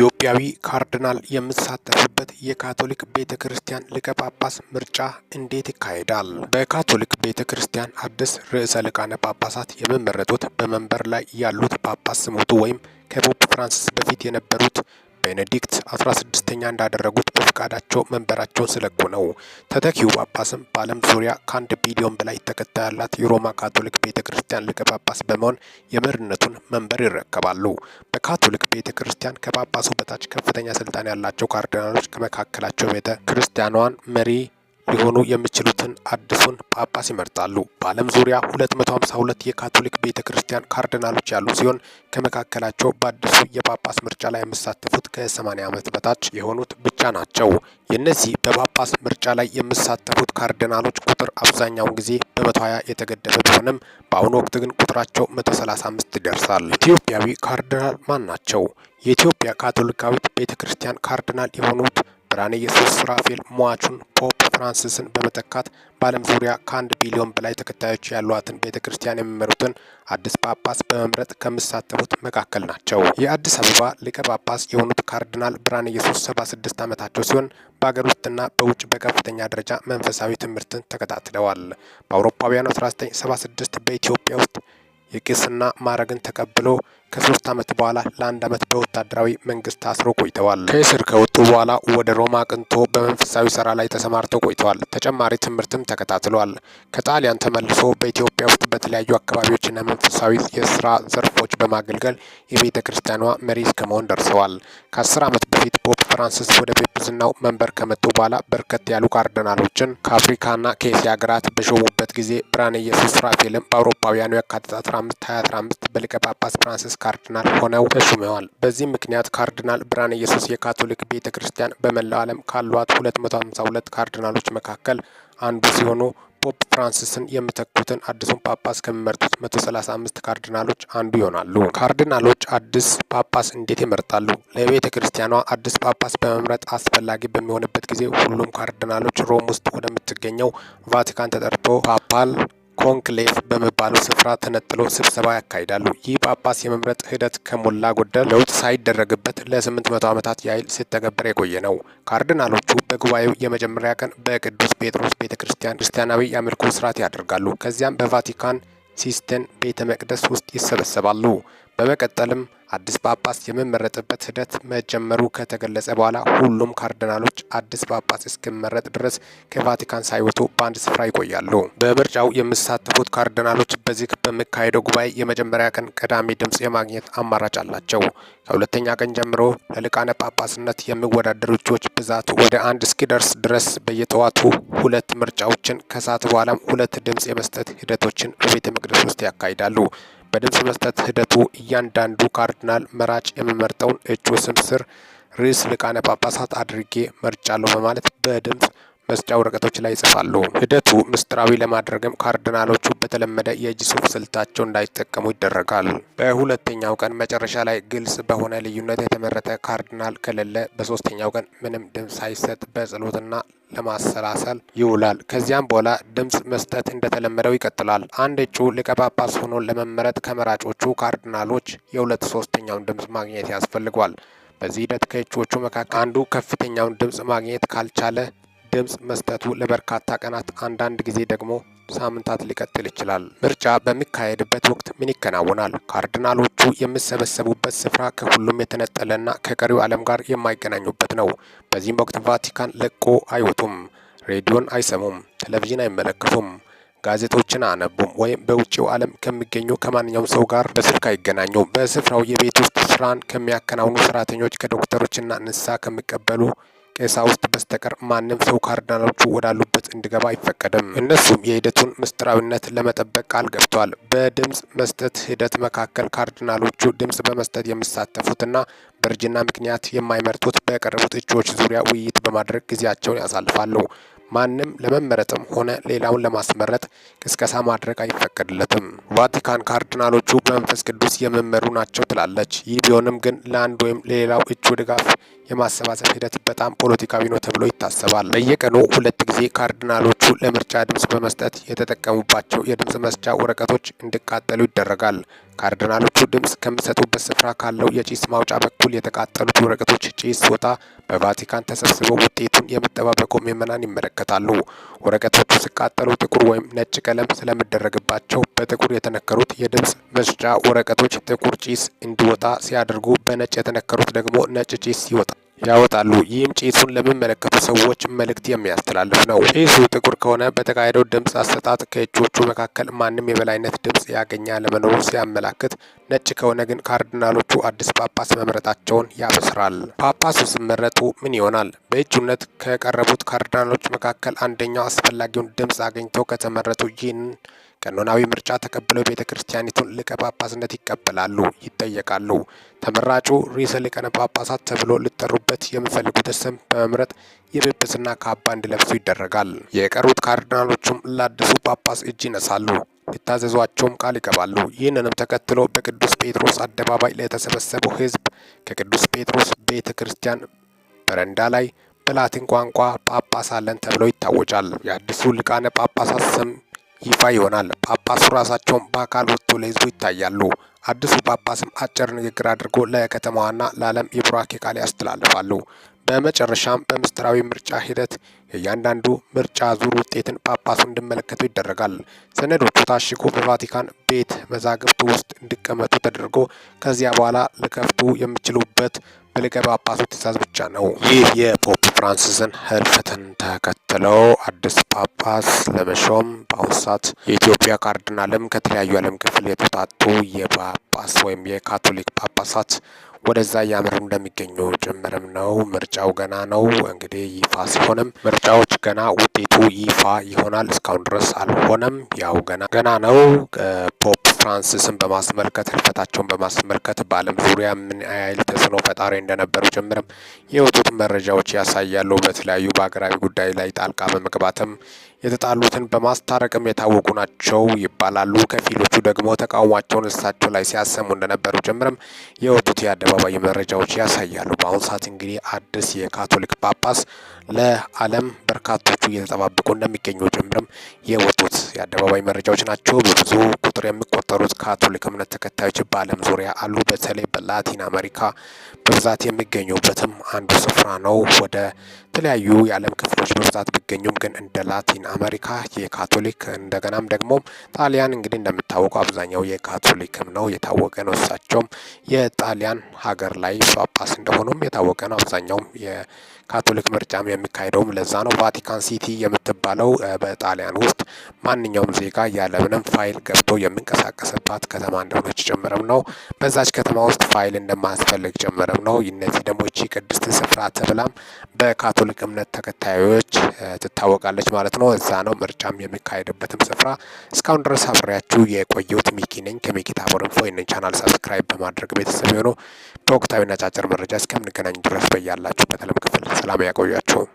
ኢትዮጵያዊ ካርዲናል የሚሳተፉበት የካቶሊክ ቤተ ክርስቲያን ሊቀ ጳጳስ ምርጫ እንዴት ይካሄዳል? በካቶሊክ ቤተ ክርስቲያን አዲስ ርዕሰ ሊቃነ ጳጳሳት የሚመረጡት በመንበር ላይ ያሉት ጳጳስ ሲሞቱ ወይም ከፖፕ ፍራንሲስ በፊት የነበሩት ቤኔዲክት 16ኛ እንዳደረጉት በፍቃዳቸው መንበራቸውን ስለቁ ነው። ተተኪው ጳጳስም በዓለም ዙሪያ ከአንድ ቢሊዮን በላይ ተከታይ ያላት የሮማ ካቶሊክ ቤተ ክርስቲያን ሊቀ ጳጳስ በመሆን የምርነቱን መንበር ይረከባሉ። በካቶሊክ ቤተ ክርስቲያን ከጳጳሱ በታች ከፍተኛ ስልጣን ያላቸው ካርዲናሎች ከመካከላቸው ቤተ ክርስቲያኗን መሪ ሊሆኑ የሚችሉትን አዲሱን ጳጳስ ይመርጣሉ። በዓለም ዙሪያ 252 የካቶሊክ ቤተ ክርስቲያን ካርዲናሎች ያሉ ሲሆን ከመካከላቸው በአዲሱ የጳጳስ ምርጫ ላይ የሚሳተፉት ከ80 ዓመት በታች የሆኑት ብቻ ናቸው። የእነዚህ በጳጳስ ምርጫ ላይ የሚሳተፉት ካርዲናሎች ቁጥር አብዛኛውን ጊዜ በ120 የተገደበ ቢሆንም በአሁኑ ወቅት ግን ቁጥራቸው 135 ይደርሳል። ኢትዮጵያዊ ካርዲናል ማን ናቸው? የኢትዮጵያ ካቶሊካዊት ቤተ ክርስቲያን ካርዲናል የሆኑት ብርሃነ ኢየሱስ ሱራፌል ሟቹን ፖፕ ፍራንሲስን በመተካት በዓለም ዙሪያ ከአንድ ቢሊዮን በላይ ተከታዮች ያሏትን ቤተ ክርስቲያን የሚመሩትን አዲስ ጳጳስ በመምረጥ ከሚሳተፉት መካከል ናቸው። የአዲስ አበባ ሊቀ ጳጳስ የሆኑት ካርዲናል ብርሃነ ኢየሱስ 76 ዓመታቸው ሲሆን በአገር ውስጥና በውጭ በከፍተኛ ደረጃ መንፈሳዊ ትምህርትን ተከታትለዋል። በአውሮፓውያኑ 1976 በኢትዮጵያ ውስጥ የቅስና ማዕረግን ተቀብሎ ከሶስት ዓመት በኋላ ለአንድ ዓመት በወታደራዊ መንግስት ታስሮ ቆይተዋል። ከእስር ከወጡ በኋላ ወደ ሮማ አቅንቶ በመንፈሳዊ ስራ ላይ ተሰማርቶ ቆይተዋል። ተጨማሪ ትምህርትም ተከታትሏል። ከጣሊያን ተመልሶ በኢትዮጵያ ውስጥ በተለያዩ አካባቢዎችና መንፈሳዊ የስራ ዘርፎች በማገልገል የቤተ ክርስቲያኗ መሪ እስከመሆን ደርሰዋል። ከአስር ዓመት በፊት ፖፕ ፍራንሲስ ወደ ጵጵስናው መንበር ከመጡ በኋላ በርከት ያሉ ካርዲናሎችን ከአፍሪካና ከኤስያ ሀገራት በሾሙበት ጊዜ ብርሃነ ኢየሱስ ሱራፌልም በአውሮፓውያኑ የካቲት አምስት ሀያ በልቀ በሊቀ ጳጳስ ፍራንሲስ ካርዲናል ሆነው ተሹመዋል። በዚህም ምክንያት ካርዲናል ብርሃነ ኢየሱስ የካቶሊክ ቤተ ክርስቲያን በመላው ዓለም ካሏት 252 ካርዲናሎች መካከል አንዱ ሲሆኑ ፖፕ ፍራንሲስን የምተኩትን አዲሱን ጳጳስ ከሚመርጡት 135 ካርዲናሎች አንዱ ይሆናሉ። ካርዲናሎች አዲስ ጳጳስ እንዴት ይመርጣሉ? ለቤተ ክርስቲያኗ አዲስ ጳጳስ በመምረጥ አስፈላጊ በሚሆንበት ጊዜ ሁሉም ካርዲናሎች ሮም ውስጥ ወደምትገኘው ቫቲካን ተጠርቶ ፓፓል ኮንክሌቭ በመባለው ስፍራ ተነጥለው ስብሰባ ያካሂዳሉ። ይህ ጳጳስ የመምረጥ ሂደት ከሞላ ጎደል ለውጥ ሳይደረግበት ለ800 ዓመታት ያህል ሲተገበር የቆየ ነው። ካርዲናሎቹ በጉባኤው የመጀመሪያ ቀን በቅዱስ ጴጥሮስ ቤተ ክርስቲያን ክርስቲያናዊ የአምልኮ ስርዓት ያደርጋሉ። ከዚያም በቫቲካን ሲስተን ቤተ መቅደስ ውስጥ ይሰበሰባሉ። በመቀጠልም አዲስ ጳጳስ የመመረጥበት ሂደት መጀመሩ ከተገለጸ በኋላ ሁሉም ካርዲናሎች አዲስ ጳጳስ እስክመረጥ ድረስ ከቫቲካን ሳይወጡ በአንድ ስፍራ ይቆያሉ። በምርጫው የሚሳተፉት ካርዲናሎች በዚህ በሚካሄደው ጉባኤ የመጀመሪያ ቀን ቀዳሚ ድምፅ የማግኘት አማራጭ አላቸው። ከሁለተኛ ቀን ጀምሮ ለልቃነ ጳጳስነት የሚወዳደሩ እጩዎች ብዛት ወደ አንድ እስኪደርስ ድረስ በየጠዋቱ ሁለት ምርጫዎችን ከሰዓት በኋላም ሁለት ድምፅ የመስጠት ሂደቶችን በቤተ መቅደስ ውስጥ ያካሂዳሉ። በድምፅ መስጠት ሂደቱ እያንዳንዱ ካርዲናል መራጭ የሚመርጠውን እጩ ስም ስር ልቃነ ሊቃነ ጳጳሳት አድርጌ መርጫለሁ በማለት በድምፅ መስጫ ወረቀቶች ላይ ይጽፋሉ። ሂደቱ ምስጢራዊ ለማድረግም ካርዲናሎቹ በተለመደ የእጅ ጽሁፍ ስልታቸው እንዳይጠቀሙ ይደረጋል። በሁለተኛው ቀን መጨረሻ ላይ ግልጽ በሆነ ልዩነት የተመረጠ ካርዲናል ከሌለ በሶስተኛው ቀን ምንም ድምፅ ሳይሰጥ በጸሎትና ለማሰላሰል ይውላል። ከዚያም በኋላ ድምፅ መስጠት እንደተለመደው ይቀጥላል። አንድ እጩ ሊቀ ጳጳስ ሆኖ ለመመረጥ ከመራጮቹ ካርዲናሎች የሁለት ሶስተኛውን ድምፅ ማግኘት ያስፈልጓል። በዚህ ሂደት ከእጩዎቹ መካከል አንዱ ከፍተኛውን ድምፅ ማግኘት ካልቻለ ድምፅ መስጠቱ ለበርካታ ቀናት አንዳንድ ጊዜ ደግሞ ሳምንታት ሊቀጥል ይችላል። ምርጫ በሚካሄድበት ወቅት ምን ይከናወናል? ካርዲናሎቹ የሚሰበሰቡበት ስፍራ ከሁሉም የተነጠለና ከቀሪው ዓለም ጋር የማይገናኙበት ነው። በዚህም ወቅት ቫቲካን ለቆ አይወጡም፣ ሬዲዮን አይሰሙም፣ ቴሌቪዥን አይመለከቱም፣ ጋዜጦችን አያነቡም ወይም በውጭው ዓለም ከሚገኙ ከማንኛውም ሰው ጋር በስልክ አይገናኙም። በስፍራው የቤት ውስጥ ስራን ከሚያከናውኑ ሰራተኞች፣ ከዶክተሮችና ንሳ ከሚቀበሉ ውስጥ በስተቀር ማንም ሰው ካርዲናሎቹ ወዳሉበት እንዲገባ አይፈቀድም። እነሱም የሂደቱን ምስጢራዊነት ለመጠበቅ ቃል ገብቷል። በድምፅ መስጠት ሂደት መካከል ካርዲናሎቹ ድምፅ በመስጠት የሚሳተፉትና በእርጅና ምክንያት የማይመርጡት በቀረቡት እጩዎች ዙሪያ ውይይት በማድረግ ጊዜያቸውን ያሳልፋሉ። ማንም ለመመረጥም ሆነ ሌላውን ለማስመረጥ ቅስቀሳ ማድረግ አይፈቀድለትም። ቫቲካን ካርዲናሎቹ በመንፈስ ቅዱስ የሚመሩ ናቸው ትላለች። ይህ ቢሆንም ግን ለአንድ ወይም ለሌላው እጩ ድጋፍ የማሰባሰብ ሂደት በጣም ፖለቲካዊ ነው ተብሎ ይታሰባል። በየቀኑ ሁለት ጊዜ ካርዲናሎቹ ለምርጫ ድምፅ በመስጠት የተጠቀሙባቸው የድምፅ መስጫ ወረቀቶች እንዲቃጠሉ ይደረጋል። ካርዲናሎቹ ድምፅ ከሚሰጡበት ስፍራ ካለው የጭስ ማውጫ በኩል የተቃጠሉት ወረቀቶች ጭስ ሲወጣ በቫቲካን ተሰብስበው ውጤቱን የሚጠባበቁ ምዕመናን ይመለከታሉ። ወረቀቶቹ ሲቃጠሉ ጥቁር ወይም ነጭ ቀለም ስለሚደረግባቸው በጥቁር የተነከሩት የድምፅ መስጫ ወረቀቶች ጥቁር ጭስ እንዲወጣ ሲያደርጉ፣ በነጭ የተነከሩት ደግሞ ነጭ ጭስ ይወጣል። ያወጣሉ። ይህም ጭሱን ለሚመለከቱ ሰዎች መልእክት የሚያስተላልፍ ነው። ጭሱ ጥቁር ከሆነ በተካሄደው ድምፅ አሰጣጥ ከእጩዎቹ መካከል ማንም የበላይነት ድምፅ ያገኘ አለመኖሩን ሲያመላክት፣ ነጭ ከሆነ ግን ካርዲናሎቹ አዲስ ጳጳስ መምረጣቸውን ያበስራል። ጳጳሱ ሲመረጡ ምን ይሆናል? በእጩነት ከቀረቡት ካርዲናሎች መካከል አንደኛው አስፈላጊውን ድምፅ አግኝተው ከተመረጡ ይህን ቀኖናዊ ምርጫ ተቀብለው ቤተ ክርስቲያኒቱን ሊቀ ጳጳስነት ይቀበላሉ፣ ይጠየቃሉ። ተመራጩ ርዕሰ ሊቃነ ጳጳሳት ተብሎ ሊጠሩበት የሚፈልጉትን ስም በመምረጥ የጵጵስና ካባ እንዲለብሱ ይደረጋል። የቀሩት ካርዲናሎቹም ለአዲሱ ጳጳስ እጅ ይነሳሉ፣ ሊታዘዟቸውም ቃል ይገባሉ። ይህንንም ተከትሎ በቅዱስ ጴጥሮስ አደባባይ ለተሰበሰበው ሕዝብ ከቅዱስ ጴጥሮስ ቤተ ክርስቲያን በረንዳ ላይ በላቲን ቋንቋ ጳጳስ አለን ተብሎ ይታወጃል። የአዲሱ ሊቃነ ጳጳሳት ስም ይፋ ይሆናል። ጳጳሱ ራሳቸውን በአካል ወጥቶ ለሕዝቡ ይታያሉ። አዲሱ ጳጳስም አጭር ንግግር አድርጎ ለከተማዋና ለዓለም የቡራኬ ቃል ያስተላልፋሉ። በመጨረሻም በምስጢራዊ ምርጫ ሂደት የእያንዳንዱ ምርጫ ዙር ውጤትን ጳጳሱ እንዲመለከቱ ይደረጋል። ሰነዶቹ ታሽጎ በቫቲካን ቤት መዛግብት ውስጥ እንዲቀመጡ ተደርጎ ከዚያ በኋላ ልከፍቱ የሚችሉበት በሊቀ ጳጳሱ ትእዛዝ ብቻ ነው። ይህ የፖፕ ፍራንሲስን ህልፈትን ተከትለው አዲስ ጳጳስ ለመሾም በአሁኑ ሰዓት የኢትዮጵያ ካርዲናልም ከተለያዩ ዓለም ክፍል የተውጣጡ የጳጳስ ወይም የካቶሊክ ጳጳሳት ወደዛ እያመሩ እንደሚገኙ ጭምርም ነው። ምርጫው ገና ነው እንግዲህ ይፋ ሲሆንም ምርጫዎች ገና ውጤቱ ይፋ ይሆናል። እስካሁን ድረስ አልሆነም። ያው ገና ገና ነው። ፖፕ ፍራንሲስን በማስመልከት ህልፈታቸውን በማስመልከት በዓለም ዙሪያ ምን ያህል ተጽዕኖ ፈጣሪ እንደነበሩ ጭምርም የወጡት መረጃዎች ያሳያሉ። በተለያዩ በሀገራዊ ጉዳይ ላይ ጣልቃ በመግባትም የተጣሉትን በማስታረቅም የታወቁ ናቸው ይባላሉ። ከፊሎቹ ደግሞ ተቃውሟቸውን እሳቸው ላይ ሲያሰሙ እንደነበሩ ጭምርም የወጡት የአደባባይ መረጃዎች ያሳያሉ። በአሁኑ ሰዓት እንግዲህ አዲስ የካቶሊክ ጳጳስ ለዓለም በርካቶ እየተጠባበቁ እንደሚገኙ ጭምርም የወጡት የአደባባይ መረጃዎች ናቸው። በብዙ ቁጥር የሚቆጠሩት ካቶሊክ እምነት ተከታዮች በዓለም ዙሪያ አሉ። በተለይ በላቲን አሜሪካ በብዛት የሚገኙበትም አንዱ ስፍራ ነው። ወደ ተለያዩ የዓለም ክፍሎች በብዛት ቢገኙም ግን እንደ ላቲን አሜሪካ የካቶሊክ እንደገናም ደግሞ ጣሊያን እንግዲህ እንደሚታወቀው አብዛኛው የካቶሊክም ነው የታወቀ ነው። እሳቸውም የጣሊያን ሀገር ላይ ጳጳስ እንደሆኑም የታወቀ ነው። አብዛኛውም የካቶሊክ ምርጫም የሚካሄደውም ለዛ ነው። ቫቲካን ሲ ሲቲ የምትባለው በጣሊያን ውስጥ ማንኛውም ዜጋ ያለምንም ፋይል ገብቶ የሚንቀሳቀስባት ከተማ እንደሆነች ጭምርም ነው። በዛች ከተማ ውስጥ ፋይል እንደማያስፈልግ ጭምርም ነው። እነዚህ ደግሞ ይቺ ቅድስት ስፍራ ተብላም በካቶሊክ እምነት ተከታዮች ትታወቃለች ማለት ነው። እዛ ነው ምርጫም የሚካሄድበትም ስፍራ። እስካሁን ድረስ አብሬያችሁ የቆየሁት ሚኪ ነኝ ከሚኪ ታቦር ኢንፎ። ይህንን ቻናል ሰብስክራይብ በማድረግ ቤተሰብ የሆኑ በወቅታዊና አጫጭር መረጃ እስከምንገናኝ ድረስ በያላችሁበት ዓለም ክፍል ሰላም ያቆያችሁ።